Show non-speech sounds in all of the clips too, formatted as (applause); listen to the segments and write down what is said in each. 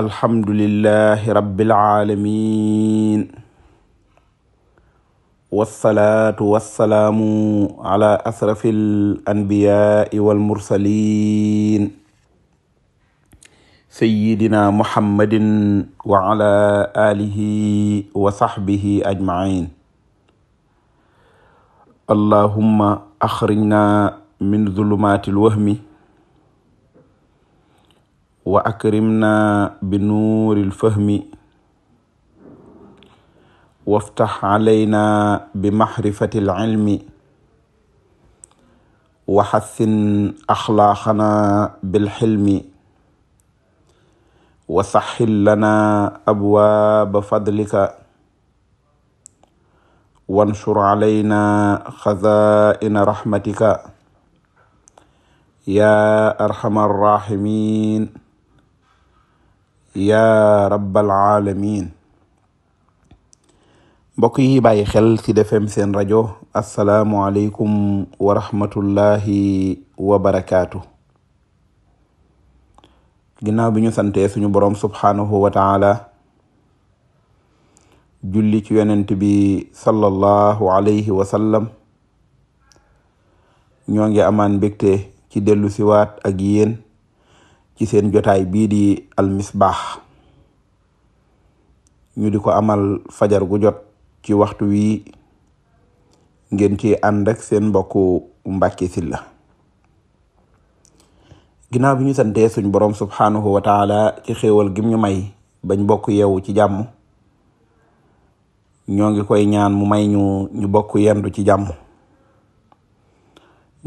alhamdulillahi rabbil aalamiin wassalaatu wassalaamu ala asrafil anbiyaai wal mursaliin sayyidina muhammadin wa ala aalihi wa sahbihi ajma'iin allahumma akhrijna min zulumaati lwahmi wa akrimna bi nuuril fahmi waftax alayna bi maxrifati alcilmi wa xassin axlaaqana bilxilmi wa saxxil lana abwaaba fadlika wansur alayna xazaa'ina raxmatika yaa arxama arraximin yaa rabbal aalamiin mbokk yi bàyyi xel ci defem seen rajo asalaamualeykum wa rahmatullahi wa barakaatu. ginnaaw bi ñu santee suñu borom subhaanahu wa taala julli ci yonent bi sallallahu alayhi wa sallam ñoo ngi amaan mbégte ci dellu siwaat ak yéen ci seen jotaay bii di almisbaax ñu di ko amal fajar gu jot ci waxtu wi ngeen ci ànd ak seen mbokku Mbàkke Sylla ginaaw bi ñu santee borom boroom subhaanahu wa taala ci xéewal gim ñu may bañ bokk yeewu ci jàmm ñoo ngi koy ñaan mu may ñu ñu bokk yendu ci jàmm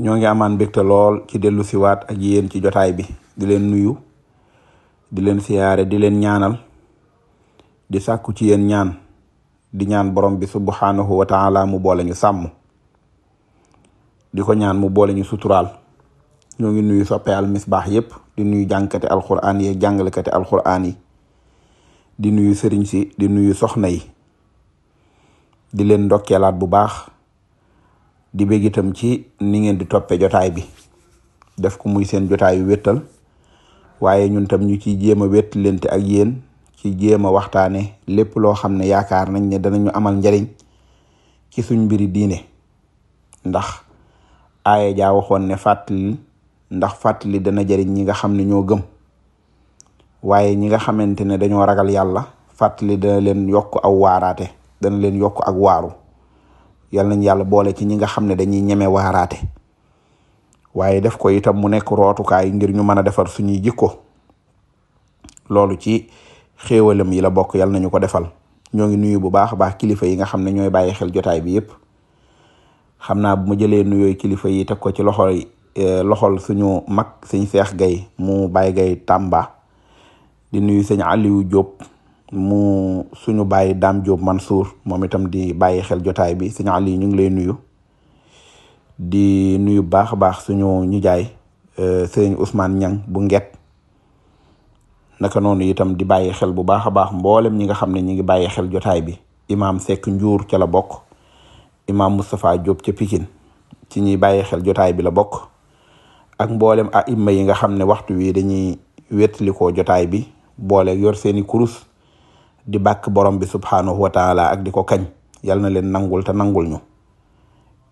ñoo ngi amaan mbégte lool ci dellu siwaat ak yéen ci jotaay bi di leen nuyu di leen siyaare di leen ñaanal di sàkku ci yéen ñaan di ñaan borom bi subhanahu wa taala mu boole ñu sàmm di ko ñaan mu boole ñu suturaal ñoo ngi nuyu soppe al misbaax yépp di nuyu jàngkate alquran yi jàngalekate alquran yi di nuyu sëriñ si di nuyu soxna yi di leen ndokkeelaat bu baax di bég ci ni ngeen di toppee jotaay bi def ko muy seen jotaayu wéttal waaye ñun tam ñu ci jéem a wett lente ak yéen ci jéem a waxtaane lépp loo xam ne yaakaar nañ ne danañu amal njariñ ci suñ mbiri diine ndax aaya jaa waxoon ne fàttali ndax fàttali dana jariñ ñi nga xam ne ñoo gëm waaye ñi nga xamante ne dañoo ragal yàlla fàttali dana leen yokk aw waaraate dana leen yokk ak waaru yal nañ yàlla boole ci ñi nga xam ne dañuy ñeme waaraate waaye def ko itam mu nekk rootukaay ngir ñu mën a defar suñuy jikko loolu ci xéewalam yi la bokk yal nañu ko defal ñoo ngi nuyu bu baax a baax kilifa yi nga xam ne ñooy bàyyi xel jotaay bi yépp xam naa bu ma jëlee nuyooy kilifa yi teg ko ci loxol eh, loxol suñu mag sëñ Seex Gay mu Baay Gay Tàmba di nuyu sëñ Aliou Diop mu suñu baay Daam Diop Mansour moom itam di bàyyi xel jotaay bi sëñ Aliou ñu ngi lay nuyu di nuyu baax a baax suñu ñu jaay euh, sëriñ Ousmane Niang bu nget naka noonu itam di bàyyi xel bu baax a baax mboolem ñi nga xam ne ñi ngi bàyyi xel jotaay bi imaam Seck Ndiour ca la bokk imaam Moustapha Diop ca pikin ci ñuy bàyyi xel jotaay bi la bokk ak mboolem a imma yi nga xam ne waxtu wi dañuy wétlikoo jotaay bi boole yor seeni kurus di bàkk borom bi subhaanahu wa taala ak di ko kañ yal na leen nangul te nangul ñu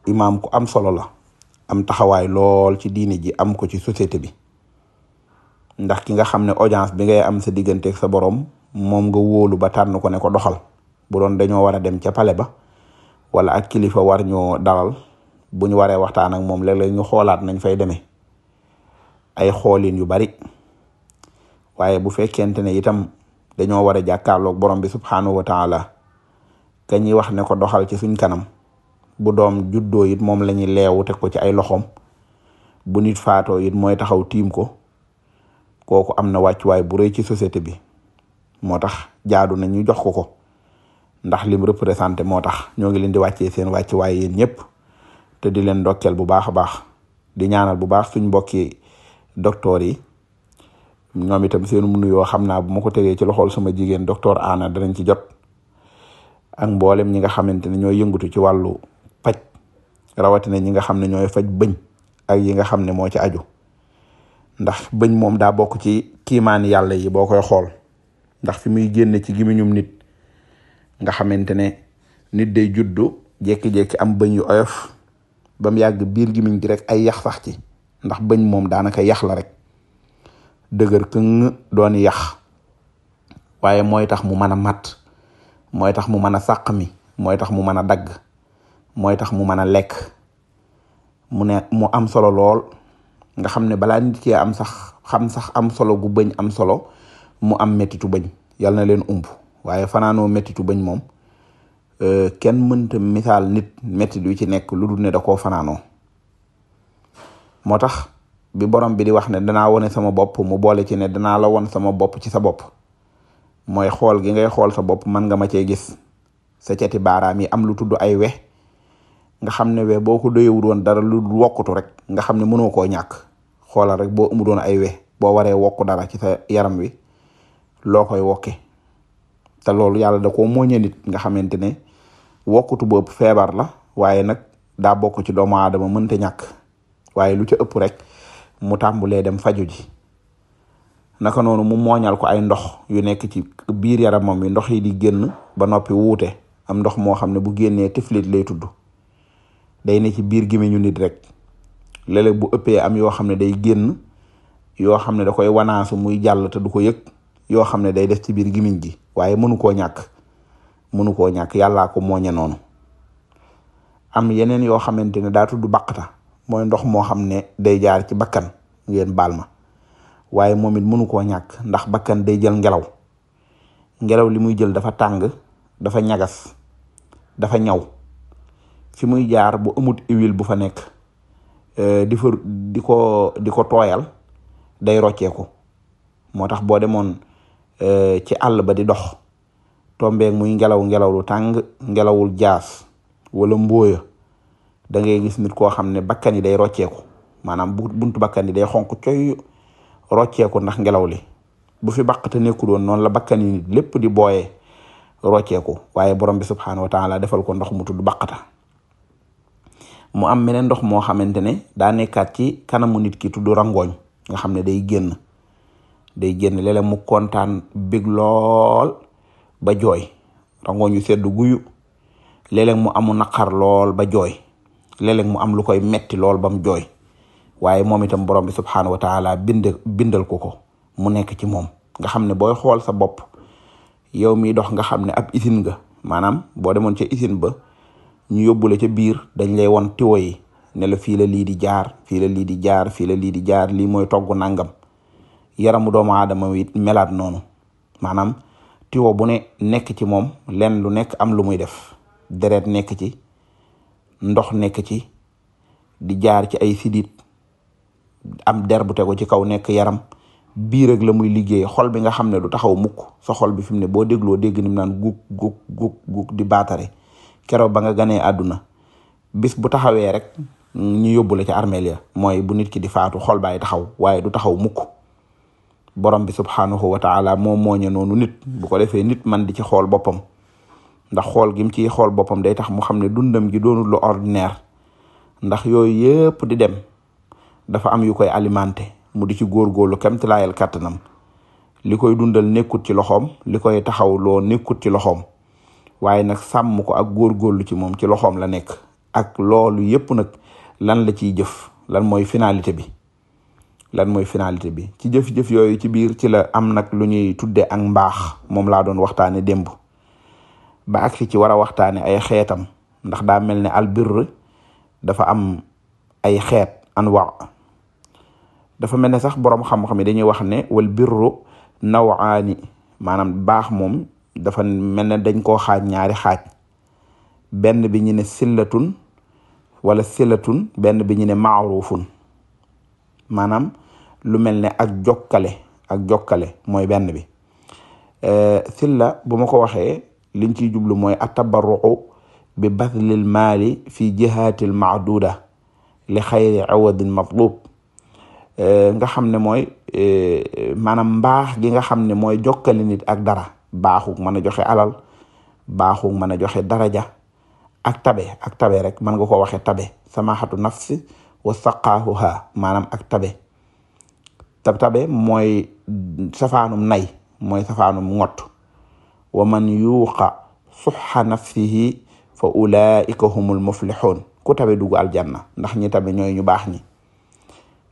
imaam ko am solo la am taxawaay lool ci diine ji am ko ci société bi ndax ki nga xam ne audience bi ngay am sa digganteeg sa borom moom nga wóolu ba tànn ko ne ko doxal bu doon dañoo war a dem ca pale ba wala ak kilifa war ñoo dalal bu ñu waree waxtaan ak moom léeg-léeg ñu xoolaat nañ fay demee ay xoolin yu bari waaye bu fekkente ne itam dañoo war a jàkkaarloog borom bi subxanahu wa taala ka ñuy wax ne ko doxal ci suñ kanam. bu doom juddoo it moom la ñuy leewu teg ko ci ay loxoom bu nit faatoo it mooy taxaw tiim ko kooku am na wàccuwaay bu rëy ci société bi moo tax jaadu na ñu jox ko ko ndax lim représenté moo tax ñoo ngi leen di wàccee seen wàccuwaay yéen ñëpp te di leen ndokkeel bu baax a baax di ñaanal bu baax suñ mbokki docteur yi ñoom itam seen mu nuyoo xam naa bu ma ko tegee ci loxol sama jigéen doctor Anna danañ ci jot ak mboolem ñi nga xamante ne ñoo yëngatu ci wàllu rawatina ñi nga xam ne ñooy faj bëñ ak yi nga xam ne moo ci aju ndax bëñ moom daa bokk ci kiimaan yàlla yi boo koy xool ndax fi muy génne ci gimiñum nit nga xamante ne nit day juddu jekki-jekki am bëñ yu oyof ba mu yàgg biir gimiñ gi rek ay yax sax ci ndax bëñ moom daanaka yax la rek dëgër këng doon yax waaye mooy tax mu mën a mat mooy tax mu mën a sàq mi mooy tax mu mën a dagg mooy tax mu mën a lekk mu ne mu am solo lool nga xam ne balaa nit ki am sax xam sax am solo gu bëñ am solo mu am mettitu bëñ yal na leen umb waaye fanaanoo mettitu bëñ moom euh, kenn mënta misaal nit mettit wi ci nekk lu dul ne da koo fanaanoo moo tax bi borom bi di wax ne danaa wone sama bopp mu boole ci ne danaa la won sama bopp ci sa bopp mooy xool gi ngay xool sa bopp mën nga ma cee gis sa cati baaraam yi am lu tudd ay we nga xam ne we boo ko doyewul woon dara lu wokkutu rek nga xam ne mënoo koo ñàkk xoolal rek boo mu doon ay we boo waree wokk dara ci sa yaram wi loo koy wokke te loolu yàlla da ko mooñe nit nga xamante ne wokkutu boobu feebar la waaye nag daa bokk ci doomu aadama mënta ñàkk waaye lu ca ëpp rek mu tàmbulee dem faju ji naka noonu mu mooñal ko ay ndox yu nekk ci biir yaramam yi ndox yi di génn ba noppi wuute am ndox moo xam ne bu génnee tiflit lay tudd day ne ci biir gémmiñu nit rek léeg-léeg bu ëppee am yoo xam ne day génn yoo xam ne da koy wanaasu muy jàll te du ko yëg yoo xam ne day def ci biir gémmiñ gi waaye mënu koo ñàkk mënu koo ñàkk yàllaa ko mooñe noonu am yeneen yoo xamante ne daa du bàqta mooy ndox moo xam ne day jaar ci bàkkan ngeen baal ma waaye moom it mënu koo ñàkk ndax bakkan day jël ngelaw ngelaw li muy jël dafa tàng dafa ñagas dafa ñaw fi muy jaar bu amut huile bu fa nekk euh, di fa di ko di ko tooyal day rocceeku moo tax boo demoon euh, ci àll ba di dox tombeeg muy ngelaw ngelaw lu tàng ngelawul jaas wala mbooya da ngay gis nit koo xam ne bakkan yi day rocceeku maanaam buntu bakkan yi day xonk coy rocceeku ndax ngelaw li bu fi bàqate nekkul doon noonu la bakkan yi lépp di booye rocceeku waaye borom bi subhanahu wa taala defal ko ndox mu tudd bàqata mu am meneen ndox moo xamante ne daa nekkaat ci kanamu nit ki tudd rangooñ nga xam ne day génn day génn léeg mu kontaan bég lool ba jooy rangooñ yu sedd guyu léeg mu amu naqar lool ba jooy léeg mu am lu koy metti lool ba mu jooy waaye moom itam borom bi subxanahu wa taala bind bindal ko ko mu nekk ci moom nga xam ne booy xool sa bopp yow miy dox nga xam ne ab usine nga maanaam boo demoon ci usine ba. ñu yóbbule ca biir dañ lay won tiwo yi ne la fii la lii di jaar fii la lii di jaar fii la lii di jaar lii mooy togg nangam yaramu doomu aadama it melaat noonu maanaam tiwo bu ne nekk ci moom lenn lu nekk am lu muy def deret nekk ci ndox nekk ci di jaar ci ay sidit am der bu tegu ci kaw nekk yaram biir rek la muy liggéey xol bi nga xam ne du taxaw mukk sa xol bi fi mu ne boo dégloo dégg ni mu naan gug gug gug di baatare keroog ba nga ganee àdduna bis bu taxawee rek ñu yóbbu la ca armeel ya mooy bu nit ki di faatu xol baay taxaw waaye du taxaw mukk borom bi subhaanahu wa taala moom mooñe noonu nit bu ko defee nit man di ci xool boppam ndax xool gim ci xool boppam day tax mu xam ne dundam gi doonul lu ordinaire ndax yooyu yëpp di dem dafa am yu koy alimente mu di ci góorgóorlu kemtilaayal kàttanam li koy dundal nekkut ci loxoom li koy taxaw loo nekkut ci loxoom waaye nag sàmm ko ak góorgóorlu ci moom ci loxoom la nekk ak loolu yépp nag lan la ciy jëf lan mooy finalité bi lan mooy finalité bi ci jëf-jëf yooyu ci biir ci la am nag lu ñuy tudde ak mbaax moom laa doon waxtaane démb ba agsi ci war a waxtaane ay xeetam ndax daa mel ne albir dafa am ay xeet anwa dafa mel ne sax boroom xam-xam yi dañuy wax ne wal birru nawaani maanaam baax moom dafa mel ne dañ ko xaaj ñaari xaaj benn bi ñu ne sillatun wala sillatun benn bi ñu ne maarufun maanaam lu mel ne ak jokkale ak jokkale mooy benn bi euh, silla bu ma ko waxee liñ ciy jublu mooy atabarru'u bi batlil maali fi jihaatil maaduda li xayri awadin matlub euh, nga xam ne mooy euh, maanaam mbaax gi nga xam ne mooy jokkale nit ak dara baaxu mën a joxe alal baaxu mën a joxe daraja ak tabe ak tabe rek mën nga ko waxe tabe samaxatu nafsi wa saqaahuha maanaam ak tabe tab tabe mooy safaanum nay mooy safaanum ngott wa man yuuqa suxa nafsihi fa ulaika humul muflixuun ku tabe dugg aljanna ndax ñi tabe ñooy ñu baax ni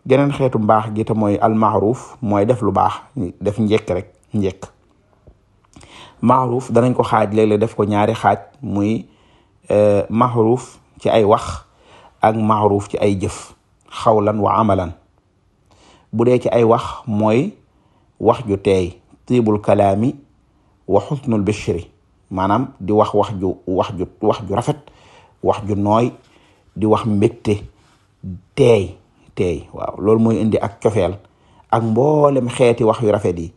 geneen xeetu mbaax gi te mooy almaaruf mooy def lu baax def njekk rek njekk maxruuf danañ ko xaaj léeg def ko ñaari xaaj muy euh, maxruuf ci ay wax ak maxruuf ci ay jëf xawlan wa amalan bu dee ci ay wax mooy wax ju teey tiibul kalaami wa xusnul bishri maanaam di wax wax ju wax ju wax ju rafet wax ju nooy di wax mbégte teey teey waaw loolu mooy indi ak cofeel ak mboolem xeeti wax yu rafet yi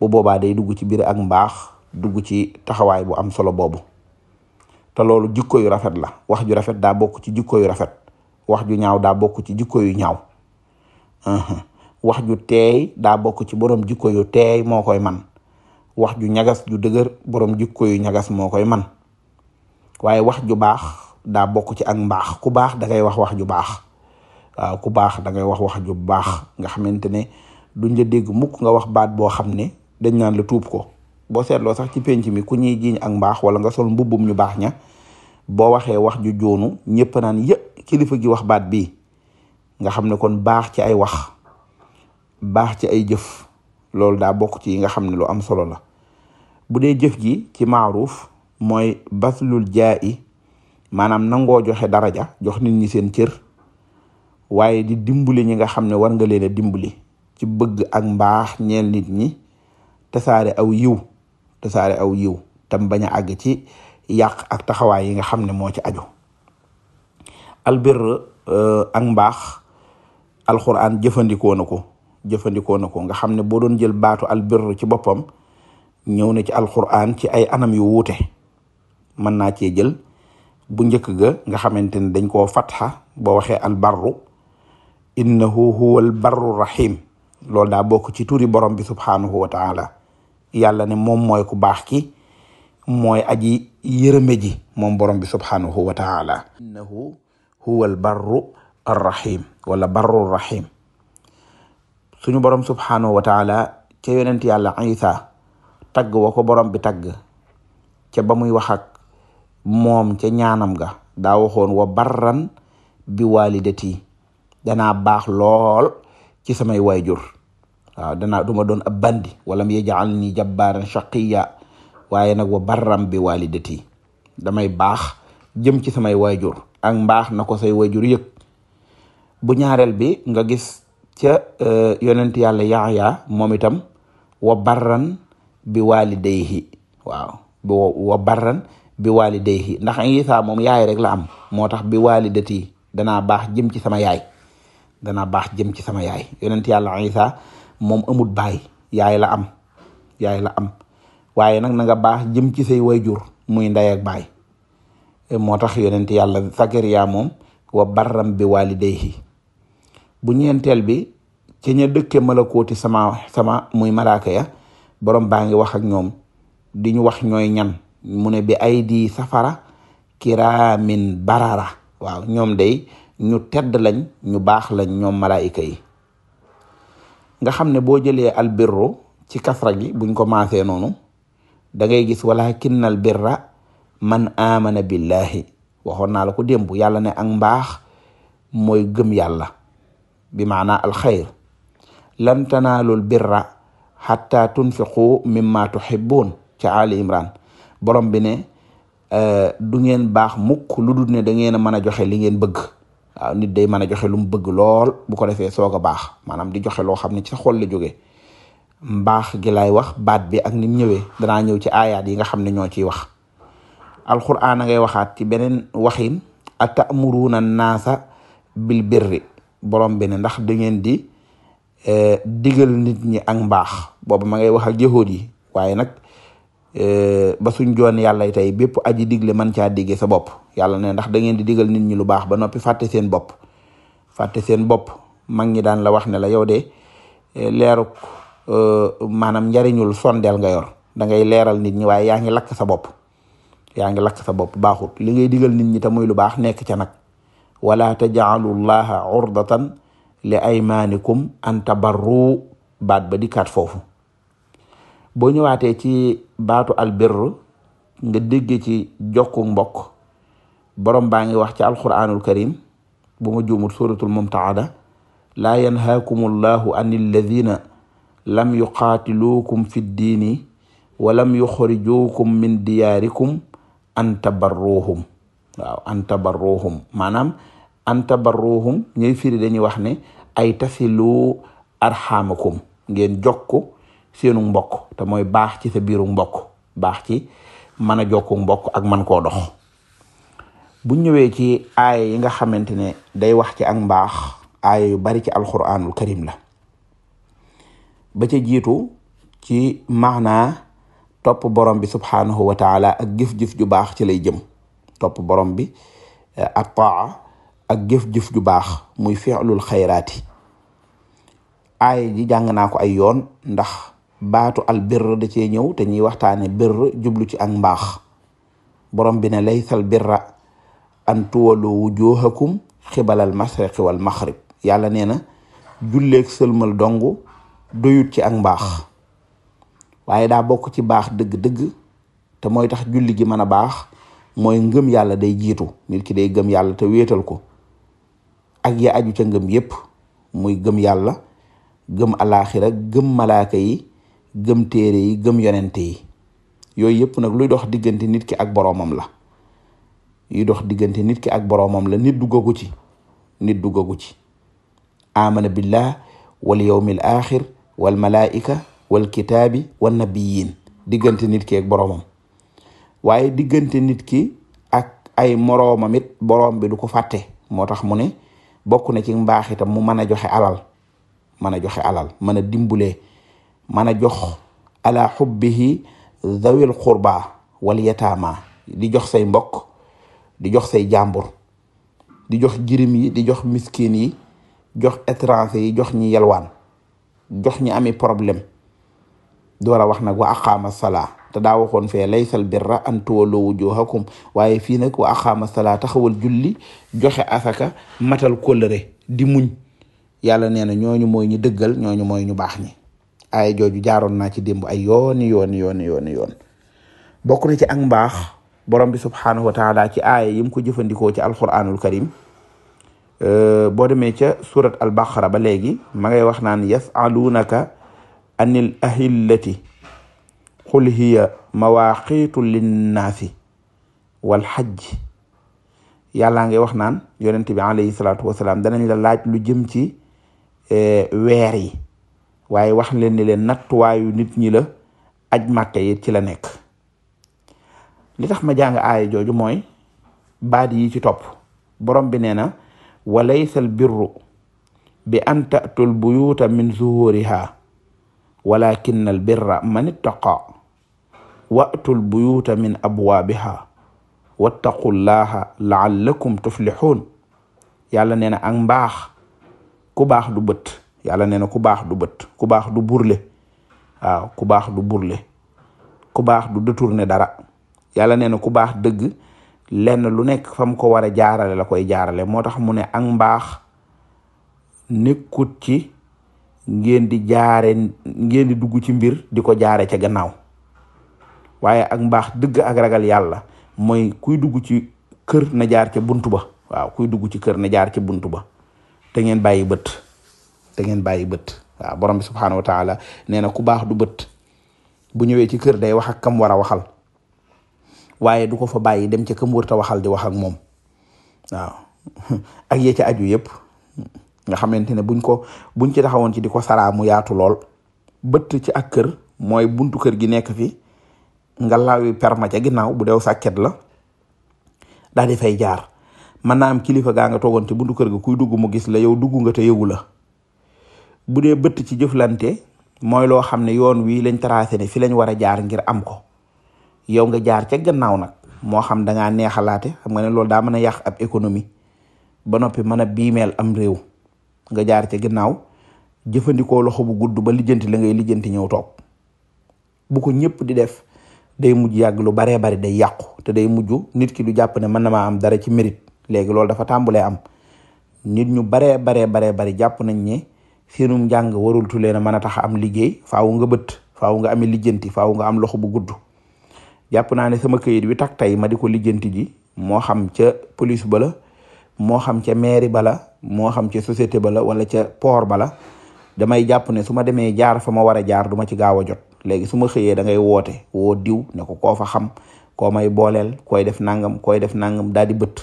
bu boobaa day dugg ci biir ak mbaax dugg ci taxawaay bu am solo boobu te loolu jikko yu rafet la wax ju rafet daa bokk ci jikko yu rafet wax ju ñaaw daa bokk ci jikko yu ñaaw wax ju teey daa bokk ci borom jikko yu teey moo koy man wax ju ñagas ju dëgër borom jikko yu ñagas moo koy man waaye wax ju baax daa bokk ci ak mbaax ku baax da ngay wax wax ju baax waaw ku baax da ngay wax wax ju baax nga xamante ne duñ la dégg mukk nga wax baat boo xam ne dañ naan la tuub ko boo seetloo sax ci penc mi ku ñuy jiiñ ak mbaax wala nga sol mbubbum ñu baax ña boo waxee wax ju joonu ñëpp naan yë kilifa gi wax baat bi nga xam ne kon baax ci ay wax baax ci ay jëf loolu daa bokk ci yi nga xam ne lu am solo la bu dee jëf gi ci maaruuf mooy baslul jaa i maanaam nangoo joxe daraja jox nit ñi seen cër waaye di dimbali ñi nga xam ne war nga leen a dimbali ci bëgg ak mbaax ñeel nit ñi tasaare aw yiw tasaare aw yiw ta bañ a àgg ci yàq ak taxawaay yi nga xam ne moo ci aju albir euh, ak mbaax alxuraan jëfandikoo na ko jëfandikoo na ko nga xam ne boo doon jël baatu albir ci boppam ñëw na ci alxuraan ci ay anam yu wuute mën naa cee jël bu njëkk ga nga xamante ne dañ koo fatxa boo waxee albarru innahu huwa albarru rahim loolu daa bokk ci turi borom bi subhaanahu wa taala yàlla ne moom mooy ku baax ki mooy aji yërëme ji moom borom bi subhanahu wa taala innahu huwa al barru arrahim wala barru rahim suñu borom subhanahu wa taala ca yonent yàlla isa tagg wa ko borom bi tagg ca ba muy wax ak moom ca ñaanam ga daa waxoon wa barran bi walidati danaa baax lool ci samay waajur waaw ah, danaa du doon ab bandi walam yajal ni jabbaaran shaqiya waaye nag wa barram bi walidati damay baax jëm ci samay waajur ak mbaax na ko say waajur yëg bu ñaareel bi nga gis ca eh, yonent yàlla yaxya moom itam wa barran bi walidayhi waaw wa barran bi walidayhi ndax isa moom yaay rek la am moo tax bi walidati danaa baax jëm ci sama yaay danaa baax jëm ci sama yaay yonent yàlla isa moom amut baay yaay la am yaay la am waaye nag na nga baax jëm ci say wayjur muy ndey baay e moo tax yonent yàlla Sakariya moom wa barram bi walidayhi bu ñeenteel bi ci ña dëkke malakooti sama sama muy malaaka boroom borom baa ngi wax ak ñoom di ñu wax ñooy ñan mu ne bi ay di safara kiraamin barara waaw ñoom day ñu tedd lañ ñu baax lañ ñoom malaayika yi nga xam ne boo jëlee albirru ci kasra gi buñ ko maasee noonu da ngay gis wala walakinnal birra man amana billahi waxoon naa la ko démb yàlla ne ak mbaax mooy gëm yàlla bi maanaa alxayr lan tanaalul birra xatta tunfiqu mimma tuhibbun ca ali imran borom bi ne euh, du ngeen baax mukk lu dul ne da ngeen a mën a joxe li ngeen bëgg waaw nit day mën a joxe lu mu bëgg lool bu ko defee soog a baax maanaam di joxe loo xam ne ci sa xol la jóge mbaax gi wax baat bi ak nim mu ñëwee danaa ñëw ci aayaat yi nga xam ne ñoo ciy wax alquran a ngay waxaat ci beneen waxin atamuruuna naasa bil birri borom bi ne ndax da di di eh, digal nit ñi ak mbaax boobu ma ngay wax ak yahood yi waaye nag Eh, ba suñ joon yàlla tey bépp aji digle man caa digge sa bopp yàlla ne ndax da ngeen di digal nit ñi lu baax ba noppi fàtte seen bop fàtte seen bopp mag ñi daan la wax ne la yow de eh, leeruk eh, maanaam njariñul sondeel nga yor da ngay leeral nit ñi waaye yaa ngi lakk sa bopp yaa ngi lakk sa bopp baaxut li ngay digal nit ñi te muy lu baax nekk ca nag wala tajaalu llaha urdatan li aymaanikum an tabarru baat ba dikkaat foofu boo ñëwaatee ci baatu albirru nga dégg ci jokku mbokk borom baa ngi wax ci alquranul karim bu ma juumul suratul mumtaada laa yanhaakum allahu an alladina lam yuqaatiluukum fi ddiini wa lam yuxrijuukum min diyaarikum an tabarruuhum an tabarruuhum maanaam an tabarruuhum ñooy firi dañuy wax ne ay tasilu arxaamakum ngeen jokku seenu mbokk te mooy baax ci sa biiru mbokk baax ci mën a jokku mbokk ak man koo dox bu ñëwee ci aaya yi nga xamante ne day wax ci ak mbaax aaya yu bari ci alquranul karim la ba ca jiitu ci maanaa topp borom bi subhanahu wa taala ak jëf ju baax ci lay jëm topp borom bi eh, ataa ak jëf ju baax muy fi'lul xayraati aaya ji jàng naa ko ay yoon ndax baatu al birr da cee ñëw te ñuy waxtaane birr jublu ci ak mbaax borom bi ne laysal birra an tuwalu wujuhakum xibalal masriqi wal maxrib yàlla nee na julleeg sëlmal dong doyut ci ak mbaax waaye daa bokk ci baax dëgg-dëgg te mooy tax julli gi mën a baax mooy ngëm yàlla day jiitu nit ki day gëm yàlla te wéetal ko ak ya aju ca ngëm yépp muy gëm yàlla gëm alaaxira gëm malaaka yi gëm téere yi gëm yonente yi yooyu yëpp nag luy dox diggante nit ki ak boroomam la yuy dox diggante nit ki ak boroomam la nit duggagu ci nit duggagu ci amana billah wal yawmil axir wal malaika wal kitaabi wan nabiyin diggante nit ki ak boroomam waaye diggante nit ki ak ay moroomam it boroom bi du ko fàtte moo tax mu ne bokk na ci mbaax mu mën a joxe alal mën a joxe alal mën a dimbulee mën a jox ala xubbihi zawil xurba wal yataama di jox say mbokk di jox say jàmbur di jox jirim yi di jox miskin yi jox étranger yi jox ñi yelwaan jox ñi ami problème door a wax nag wa aqaama salaa te daa waxoon fee laysal birra an tuwallu wujuhakum waaye fii nag wa aqaama salaa taxawal julli joxe asaka matal kóllëre di muñ yàlla nee na ñooñu mooy ñu dëggal ñooñu mooy ñu baax ñi aaya jooju jaaroon naa ci démb ay yooni yooni yooni yooni yoon ci ak mbaax borom bi subhaanahu wa ci aaya yim ko jëfandikoo ci alquranul karim boo demee ca surat al ba léegi ma ngay wax naan yasaluunaka anil ahillati qul hiya mawaqitu linnaasi wal xajj yàllaa ngay wax naan yonent bi alayhi salaatu wasalaam danañ la laaj lu jëm ci weer yi waaye wax leen ni leen nattuwaayu nit ñi la aj màkka yi ci la nekk li tax ma jàng aaya jooju mooy baat yi ci topp borom bi nee na walaysal birru bi an tatul buyuuta min zuhuriha walakin al birra man ittaqa watul buyuuta min abwaabiha wattaqullaha laallakum tuflixuun yàlla nee na ak mbaax ku baax du bët yàlla nee na ku baax du bët ku baax du burle waaw ku baax du burle ku baax du détourner dara yàlla nee na ku baax dëgg lenn lu nekk fa mu ko war a jaarale la koy jaarale moo tax mu ne ak mbaax nekkut ci ngeen di jaare ngeen di dugg ci mbir di ko jaare ca gannaaw waaye ak mbaax dëgg ak ragal yàlla mooy kuy dugg ci kër na jaar ca buntu ba waaw kuy dugg ci kër na jaar ca buntu ba te ngeen bàyyi bët te ngeen bàyyi bët waaw borom bi subxanahu wa taala nee na ku baax du bët bu ñëwee ci kër day wax ak kam war a waxal waaye du ko fa bàyyi dem ci kam wërta waxal di wax ak moom waaw (laughs) ak yee ca aju yëpp nga xamante ne buñ ko buñ ci taxawoon ci di ko saraa mu yaatu lool bët ci ak kër mooy buntu kër gi nekk fi nga lawi perma ca ginnaaw bu deew sàkket la daal di jaar mën naa am kilifa gaa nga toogoon ci buntu kër ga kuy dugg mu gis la yow dugg nga te yëwu la. bu dee bëtt ci jëflante mooy loo xam ne yoon wii lañ tracé ne fi lañ war a jaar ngir am ko yow nga jaar ca gannaaw nag moo xam dangaa neexalaate xam nga ne loolu daa mën a yàq ab économie ba noppi mën a biimeel am réew nga jaar ce gannaaw jëfandikoo loxo bu gudd ba lijjanti la ngay lijjanti ñëw toog bu ko ñëpp di def day mujj yàgg lu baree bari day yàqu te day mujj nit ki du jàpp ne mën na maa am dara ci mérite léegi loolu dafa tàmbulee am nit ñu baree baree baree bari jàpp nañ ne seenum njàng warul tu leen a mën a tax am liggéey faaw nga bët faaw nga amee lijjanti faaw nga am loxo bu gudd jàpp naa ne sama këyit bi tak tey ma di ko lijjanti ji moo xam ca police ba la moo xam ca mairie ba la moo xam ca société ba la wala ca poor ba la damay jàpp ne su ma demee jaar fa ma war a jaar duma ci gaaw a jot léegi su ma xëyee dangay woote woo diw ne ko koo fa xam koo may booleel koy def nangam koy def nangam daal di bët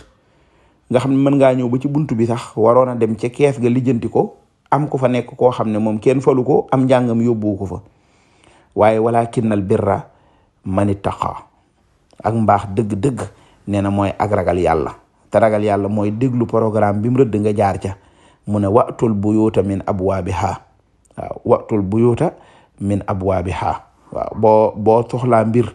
nga xam ne mën ngaa ñëw ba ci buntu bi sax waroon a dem ca kees ga lijjanti ko am ku fa nekk koo xam ne moom kenn falu ko am njàngam yóbbu ko fa waaye walaakinnal birra mani taqa ak mbax dëgg-dëgg nee na mooy ak ragal te ragal yàlla mooy déglu programme bi mu rëdd nga jaar ca mu ne watul buyuuta min abwaabiha waaw watul buyuuta min abwaabiha waaw boo boo soxlaa mbir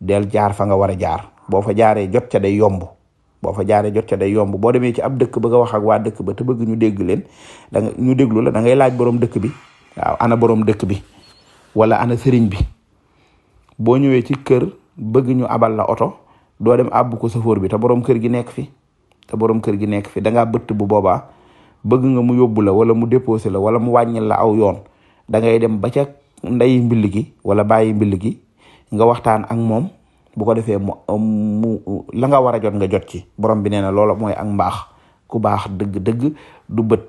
del jaar fa nga war a jaar boo fa jaaree jot ca day yomb boo fa jaaree jot ca day yomb boo demee ci ab dëkk bëgg a wax ak waa dëkk ba te bëgg ñu dégg leen danga nga ñu déglu la da laaj boroom dëkk bi waaw ana boroom dëkk bi wala ana sëriñ bi boo ñëwee ci kër bëgg ñu abal la oto doo dem àbb ko safoor bi te borom kër gi nekk fi te borom kër gi nekk fi da bëtt bu boobaa bëgg nga mu yóbbu la wala mu déposé la wala mu wàññil la aw yoon dangay dem ba ca ndeyi gi wala bàyyi mbill gi nga waxtaan ak moom bu ko defee mu um, mu la nga war a jot nga jot ci borom bi nee na loola mooy ak mbaax ku baax dëgg-dëgg du bët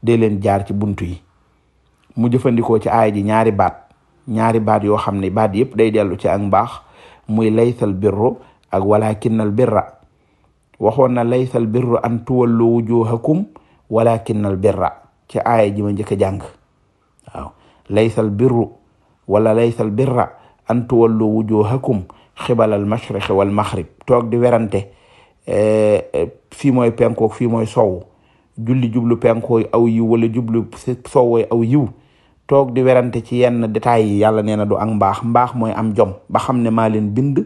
de leen jaar ci buntu yi mu jëfandikoo ci aay ji ñaari baat ñaari baat yoo xam ne baat yëpp day dellu ci ak mbaax muy laysal birru ak walakinnal birra waxoon na laysal birru an tuwallu wujuhakum walakinnal birra ci aaya ji ma njëkk a jàng waaw laysal birru wala laysal birra an tuwallu wujuhakum xibalal mashriqi wal maghrib toog di werante eh, eh, fii mooy penku fii mooy sow julli jublu penku aw yiw wala jublu sow aw yiw toog di werante ci yenn détails yi yàlla nee na du ak mbaax mbaax mooy am jom ba xam ne maa leen bind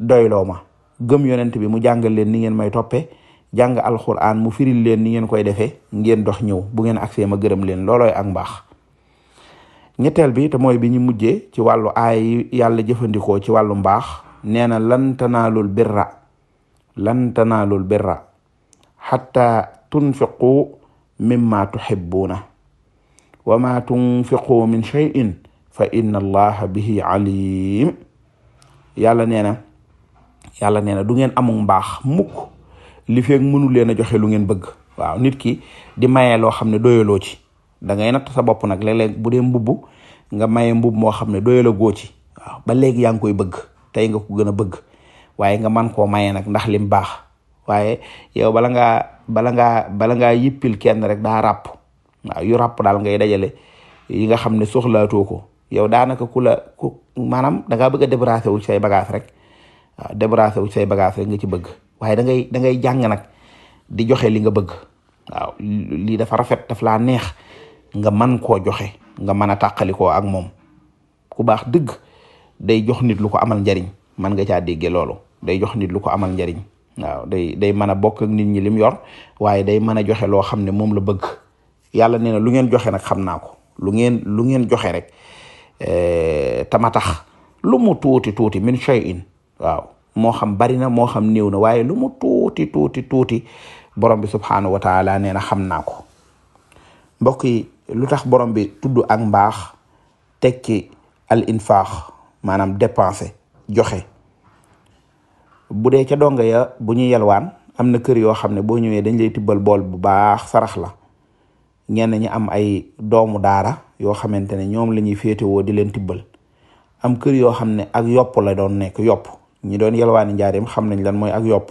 doyloo ma gëm yonent bi mu jàngal leen ni ngeen may toppe jàng alxuraan mu firil leen ni ngeen koy defee ngeen dox ñëw bu ngeen agsee ma gërëm leen loolooy ak mbaax ñetteel bi te mooy bi ñu mujjee ci wàllu aay yàlla jëfandikoo ci wàllu mbaax nee na lan tanaalul birra lan tanaalul birra xatta tunfiqu mimma tuhibbuuna wa ma tunfiqu min cheyin fa inna allaha bihi alim yàlla nee na yàlla nee na du ngeen amul mbaax mukk li feeg mënu leen a joxe lu ngeen bëgg waaw nit ki di mayee loo xam ne doyaloo ci da ngay natt sa bopp nag leen léeg bu dee mbubu nga maye mbub moo xam ne doyal a góo ci waaw ba léegi yaa ngi koy bëgg tey nga ko gën a bëgg waaye nga man koo maye nag ndax lim baax waaye yow ngaa bala ngaa bala ngaa yippil kenn rek daa ràpp yu rapp daal ngay dajale yi nga xam ne soxlaatoo ko yow daanaka ku la ku maanaam da ngaa bëgg a wu say bagage rek waaw débarrassé wu say bagage rek nga ci bëgg waaye da ngay da jàng nag di joxe li nga bëgg waaw lii dafa rafet daf laa neex nga man koo joxe nga mën a ko ak moom ku baax dëgg day jox nit lu ko amal njariñ man nga caa déggee loolu day jox nit lu ko amal njariñ waaw day day mën a bokk ak nit ñi lim yor waaye day mën a joxe loo xam ne moom la bëgg yàlla nee na lu ngeen joxe nag xam naa ko lu ngeen lu ngeen joxe rek eh, tama tax lu mu tuuti tuuti min shay'in waaw moo xam bari na moo xam néew na waaye lu mu tuuti tuuti tuuti borom bi subhaanahu wa nee na xam naa ko lu tax borom bi tudd ak mbaax tekki al infaax maanaam dépenser joxe bu dee ca donga ya bu ñuy yelwaan am na kër yoo xam ne boo ñëwee dañ lay tibbal bool bu baax sarax la ñenn ñi am ay doomu daara yoo xamante ne ñoom la ñuy féetewoo di leen am kër yoo xam ne ak yopp la doon nekk yopp ñi doon yelwaani njaareem xam nañ lan mooy ak yopp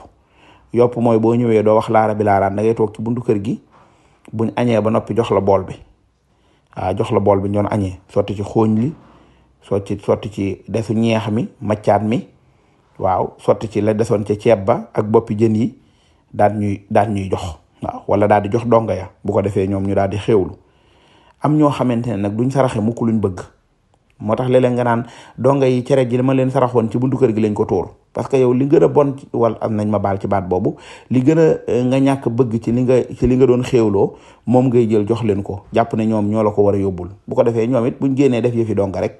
yopp mooy boo ñëwee doo wax laara bi laaraan da ngay ci buntu kër gi buñ añee ba noppi jox la bool bi Ah, jox la bool bi ñoon doon añee sotti ci xooñ li sotti sotti ci desu ñeex mi maccaat mi waaw sotti ci la desoon ca ceeb ba ak boppi jën yi daal ñuy daal ñuy jox waaw wala daal di jox donga ya bu ko defee ñoom ñu daal di xéewlu am ñoo xamante ne nag duñ saraxe mukk luñ bëgg moo tax leleen léeg nga naan donga yi cere ji li ma leen saraxoon ci buntu kër gi lañ ko tóor parce que yow li gën a bon wal am nañ ma baal ci baat boobu li gën a euh, nga ñàkk bëgg ci li nga li nga doon xéewloo moom ngay jël jox leen ko jàpp ne ñoom ñoo la ko war a yóbbul bu ko defee ñoom buñ génnee def yëfi donga rek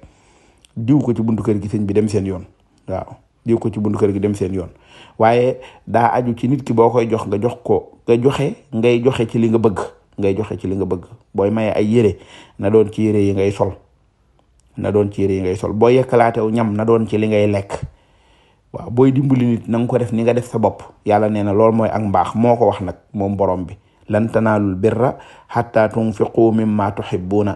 diw ko ci buntu kër gi sëñ bi dem seen yoon waaw diw ko ci buntu kër gi dem seen yoon waaye daa aju ci nit ki boo koy jox nga jox ko nga joxe ngay joxe ci li nga bëgg ngay joxe ci li nga bëgg booy mayee ay yére na doon ci yére yi ngay sol na doon ci yére yi ngay sol boo yekkalaate wu ñam na doon ci li ngay lekk waaw booy dimbali nit na nga ko def ni nga def sa bopp yàlla nee na loolu mooy ak mbaax moo ko wax nag moom borom bi lan tanaalul birra xatta tunfiqu mimma tuhibbuna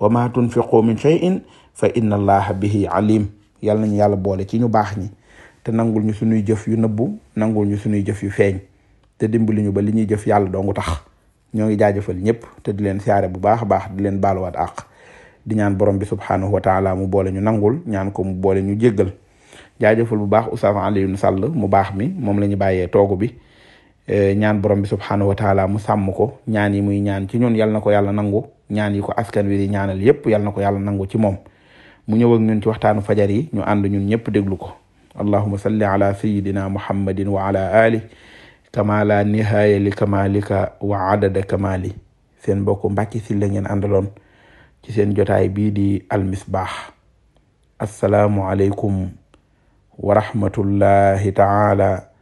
wa ma tunfiqu min shay'in fa inna allaha bihi alim yàlla nañu yàlla boole ci ñu baax ñi te nangul ñu suñuy jëf yu nëbbu nangul ñu suñuy jëf yu feeñ te dimbali ñu ba li ñuy jëf yàlla doongu tax ñoo ngi jaajëfal ñëpp te di leen siyaare bu baax a baax di leen baaluwaat àq di ñaan borom bi subhaanahu wa taala mu boole ñu nangul ñaan ko mu boole ñu jéggal jaajëfal bu baax Oustaz Alioune Sall mu baax mi moom la ñu bàyyee toogu bi e, ñaan borom bi subhanahu wa mu sàmm ko ñaan yi muy ñaan ci ñun yal na ko yàlla nangu ñaan ko askan wi di ñaanal yépp yal na ko yàlla nangu ci moom mu ñëw ak ñun ci waxtaanu fajar yi ñu ànd ñun ñëpp déglu ko allahuma salli ala sayidina muhammadin wa ala ali kama la nihaaya li kamalika wa adada kamali seen mbokku Mbàcke Sylla ngeen àndaloon ci seen jotaay bii di almisbaax asalaamualeykum wa rahmatullahi taala